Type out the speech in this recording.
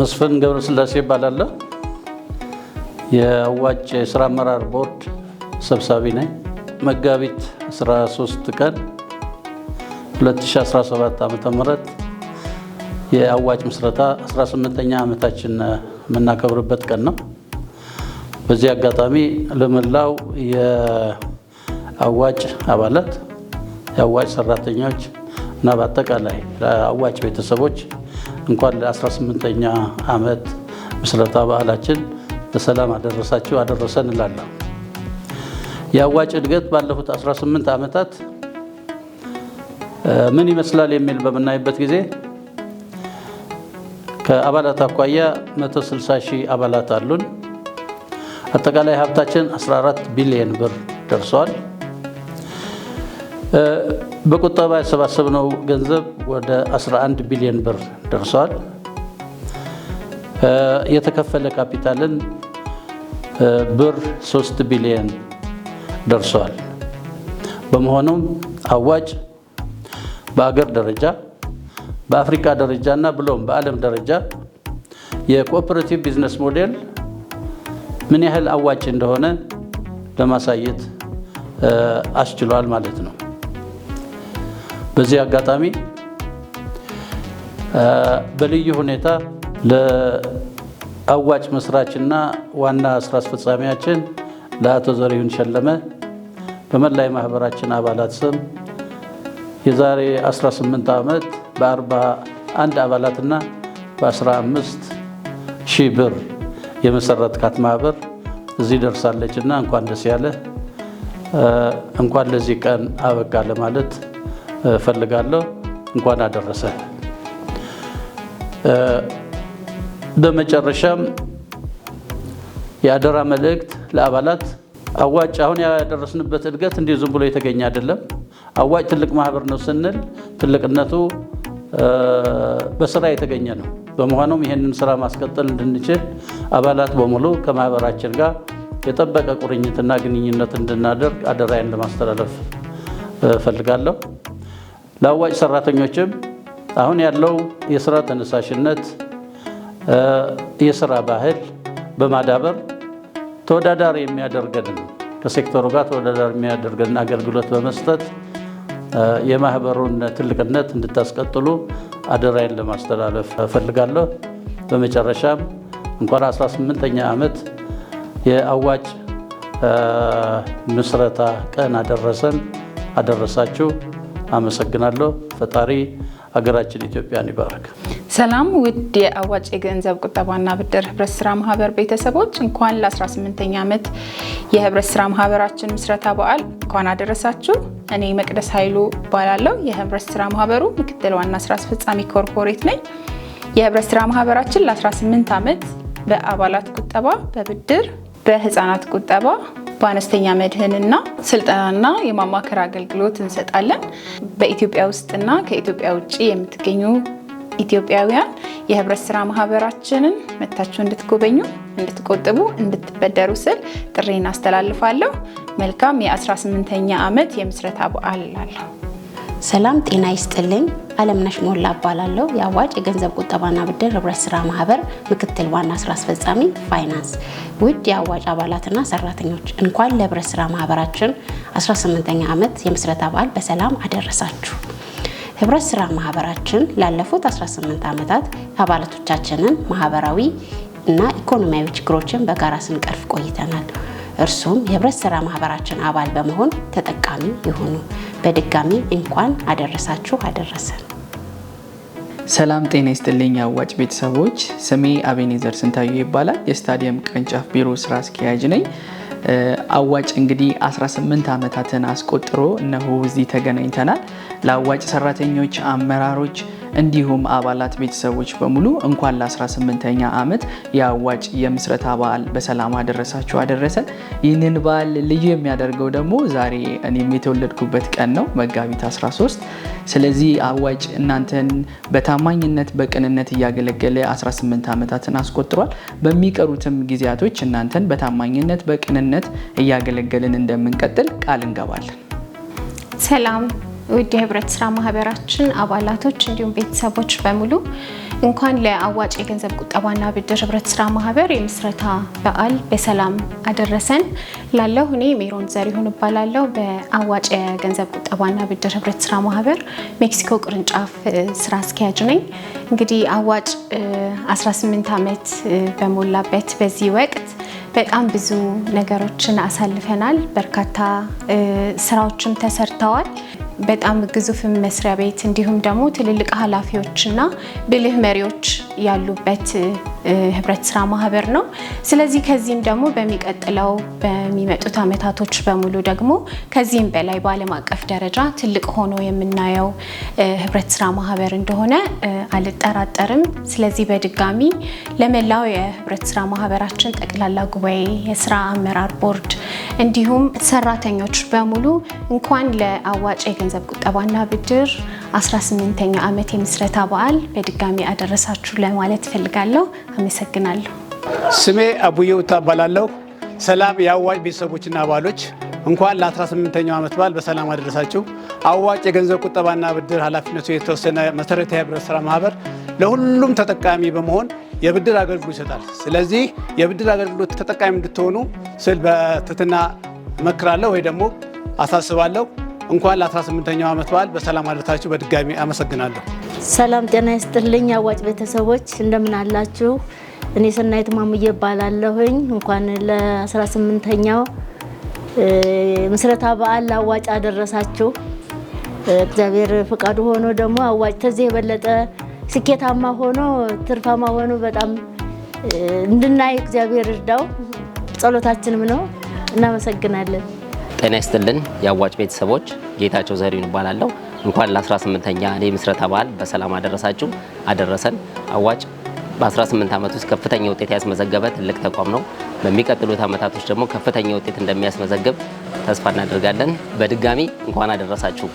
መስፍን ገብረስላሴ እባላለሁ። የአዋጭ የስራ አመራር ቦርድ ሰብሳቢ ነኝ። መጋቢት 13 ቀን 2017 ም የአዋጭ ምስረታ 18ኛ ዓመታችን የምናከብርበት ቀን ነው። በዚህ አጋጣሚ ለመላው የአዋጭ አባላት፣ የአዋጭ ሰራተኞች እና በአጠቃላይ ለአዋጭ ቤተሰቦች እንኳን ለ18ኛ ዓመት ምስረታ በዓላችን በሰላም አደረሳችሁ አደረሰን እላለሁ። የአዋጭ እድገት ባለፉት 18 ዓመታት ምን ይመስላል የሚል በምናይበት ጊዜ ከአባላት አኳያ 160 ሺህ አባላት አሉን። አጠቃላይ ሀብታችን 14 ቢሊየን ብር ደርሰዋል። በቁጠባ ያሰባሰብነው ገንዘብ ወደ 11 ቢሊዮን ብር ደርሷል። የተከፈለ ካፒታልን ብር 3 ቢሊዮን ደርሷል። በመሆኑም አዋጭ በአገር ደረጃ በአፍሪካ ደረጃ እና ብሎም በዓለም ደረጃ የኮኦፐሬቲቭ ቢዝነስ ሞዴል ምን ያህል አዋጭ እንደሆነ ለማሳየት አስችሏል ማለት ነው። በዚህ አጋጣሚ በልዩ ሁኔታ ለአዋጭ መስራችና ዋና ስራ አስፈጻሚያችን ለአቶ ዘሪሁን ሸለመ በመላ የማህበራችን አባላት ስም የዛሬ 18 ዓመት በ41 አባላትና በ15 ሺህ ብር የመሰረትካት ማህበር እዚህ ደርሳለች እና እንኳን ደስ ያለ እንኳን ለዚህ ቀን አበቃለ ማለት እፈልጋለሁ። እንኳን አደረሰ። በመጨረሻም የአደራ መልእክት ለአባላት አዋጭ አሁን ያደረስንበት እድገት እንዲሁ ዝም ብሎ የተገኘ አይደለም። አዋጭ ትልቅ ማህበር ነው ስንል ትልቅነቱ በስራ የተገኘ ነው። በመሆኑም ይህንን ስራ ማስቀጠል እንድንችል አባላት በሙሉ ከማህበራችን ጋር የጠበቀ ቁርኝትና ግንኙነት እንድናደርግ አደራዬን ለማስተላለፍ እፈልጋለሁ። ለአዋጭ ሰራተኞችም አሁን ያለው የስራ ተነሳሽነት የስራ ባህል በማዳበር ተወዳዳሪ የሚያደርገንን ከሴክተሩ ጋር ተወዳዳሪ የሚያደርገንን አገልግሎት በመስጠት የማህበሩን ትልቅነት እንድታስቀጥሉ አደራይን ለማስተላለፍ እፈልጋለሁ። በመጨረሻም እንኳን 18ኛ ዓመት የአዋጭ ምስረታ ቀን አደረሰን አደረሳችሁ። አመሰግናለሁ። ፈጣሪ ሀገራችን ኢትዮጵያን ይባረክ ሰላም ውድ የአዋጭ የገንዘብ ቁጠባና ብድር ህብረት ስራ ማህበር ቤተሰቦች እንኳን ለ18ኛ ዓመት የህብረት ስራ ማህበራችን ምስረታ በዓል እንኳን አደረሳችሁ። እኔ መቅደስ ኃይሉ እባላለሁ። የህብረት ስራ ማህበሩ ምክትል ዋና ስራ አስፈጻሚ ኮርፖሬት ነኝ። የህብረት ስራ ማህበራችን ለ18 ዓመት በአባላት ቁጠባ፣ በብድር፣ በህፃናት ቁጠባ በአነስተኛ መድህንና ስልጠናና የማማከር አገልግሎት እንሰጣለን። በኢትዮጵያ ውስጥና ከኢትዮጵያ ውጭ የምትገኙ ኢትዮጵያውያን የህብረት ስራ ማህበራችንን መታችሁ እንድትጎበኙ፣ እንድትቆጥቡ፣ እንድትበደሩ ስል ጥሬን አስተላልፋለሁ መልካም የ18ኛ ዓመት የምስረታ በዓል እላለሁ። ሰላም ጤና ይስጥልኝ። አለምነሽ ሞላ እባላለሁ። የአዋጭ የገንዘብ ቁጠባና ብድር ህብረት ስራ ማህበር ምክትል ዋና ስራ አስፈጻሚ ፋይናንስ። ውድ የአዋጭ አባላትና ሰራተኞች እንኳን ለህብረት ስራ ማህበራችን 18ኛ ዓመት የምስረታ በዓል በሰላም አደረሳችሁ። ህብረት ስራ ማህበራችን ላለፉት 18 ዓመታት አባላቶቻችንን ማህበራዊ እና ኢኮኖሚያዊ ችግሮችን በጋራ ስንቀርፍ ቆይተናል። እርሱም የህብረት ስራ ማህበራችን አባል በመሆን ተጠቃሚ ይሁኑ። በድጋሚ እንኳን አደረሳችሁ አደረሰን። ሰላም ጤና ይስጥልኝ አዋጭ ቤተሰቦች፣ ስሜ አቤኔዘር ስንታዩ ይባላል። የስታዲየም ቅርንጫፍ ቢሮ ስራ አስኪያጅ ነኝ። አዋጭ እንግዲህ 18 ዓመታትን አስቆጥሮ እነሆ እዚህ ተገናኝተናል። ለአዋጭ ሰራተኞች፣ አመራሮች እንዲሁም አባላት ቤተሰቦች በሙሉ እንኳን ለ18ኛ ዓመት የአዋጭ የምስረታ በዓል በሰላም አደረሳችሁ አደረሰ። ይህንን በዓል ልዩ የሚያደርገው ደግሞ ዛሬ እኔም የተወለድኩበት ቀን ነው፣ መጋቢት 13። ስለዚህ አዋጭ እናንተን በታማኝነት በቅንነት እያገለገለ 18 ዓመታትን አስቆጥሯል። በሚቀሩትም ጊዜያቶች እናንተን በታማኝነት በቅንነት እያገለገልን እንደምንቀጥል ቃል እንገባለን። ሰላም ውድ የህብረት ስራ ማህበራችን አባላቶች እንዲሁም ቤተሰቦች በሙሉ እንኳን ለአዋጭ የገንዘብ ቁጠባና ብድር ህብረት ስራ ማህበር የምስረታ በዓል በሰላም አደረሰን። ላለው እኔ ሜሮን ዘሪሁን እባላለሁ። በአዋጭ የገንዘብ ቁጠባና ብድር ህብረት ስራ ማህበር ሜክሲኮ ቅርንጫፍ ስራ አስኪያጅ ነኝ። እንግዲህ አዋጭ 18 ዓመት በሞላበት በዚህ ወቅት በጣም ብዙ ነገሮችን አሳልፈናል። በርካታ ስራዎችም ተሰርተዋል። በጣም ግዙፍ መስሪያ ቤት እንዲሁም ደግሞ ትልልቅ ኃላፊዎችና ብልህ መሪዎች ያሉበት ህብረት ስራ ማህበር ነው። ስለዚህ ከዚህም ደግሞ በሚቀጥለው በሚመጡት አመታቶች በሙሉ ደግሞ ከዚህም በላይ በዓለም አቀፍ ደረጃ ትልቅ ሆኖ የምናየው ህብረት ስራ ማህበር እንደሆነ አልጠራጠርም። ስለዚህ በድጋሚ ለመላው የህብረት ስራ ማህበራችን ጠቅላላ ጉባኤ፣ የስራ አመራር ቦርድ እንዲሁም ሰራተኞች በሙሉ እንኳን ለአዋጭ የገንዘብ ቁጠባና ብድር 18ኛ ዓመት የምስረታ በዓል በድጋሚ አደረሳችሁ ለማለት እፈልጋለሁ። አመሰግናለሁ። ስሜ አቡየው እባላለሁ። ሰላም የአዋጭ ቤተሰቦችና አባሎች እንኳን ለ18ኛው ዓመት በዓል በሰላም አደረሳችሁ። አዋጭ የገንዘብ ቁጠባና ብድር ኃላፊነቱ የተወሰነ መሰረታዊ ህብረት ስራ ማህበር ለሁሉም ተጠቃሚ በመሆን የብድር አገልግሎት ይሰጣል። ስለዚህ የብድር አገልግሎት ተጠቃሚ እንድትሆኑ ስል በትህትና እመክራለሁ ወይ ደግሞ አሳስባለሁ። እንኳን ለ18ኛው ዓመት በዓል በሰላም አደረሳችሁ። በድጋሚ አመሰግናለሁ። ሰላም ጤና ይስጥልኝ። አዋጭ ቤተሰቦች እንደምን አላችሁ? እኔ ሰናይት ማሙዬ እባላለሁኝ። እንኳን ለ18ኛው ምስረታ በዓል አዋጭ አደረሳችሁ። እግዚአብሔር ፈቃዱ ሆኖ ደግሞ አዋጭ ተዚህ የበለጠ ስኬታማ ሆኖ ትርፋማ ሆኖ በጣም እንድናይ እግዚአብሔር እርዳው፣ ጸሎታችንም ነው። እናመሰግናለን። ጤና ይስጥልን የአዋጭ ቤተሰቦች፣ ጌታቸው ዘሪሁን እባላለሁ። እንኳን ለ18ኛ እኔ ምስረታ በዓል በሰላም አደረሳችሁ አደረሰን። አዋጭ በ18 ዓመት ውስጥ ከፍተኛ ውጤት ያስመዘገበ ትልቅ ተቋም ነው። በሚቀጥሉት ዓመታቶች ደግሞ ከፍተኛ ውጤት እንደሚያስመዘግብ ተስፋ እናደርጋለን። በድጋሚ እንኳን አደረሳችሁ።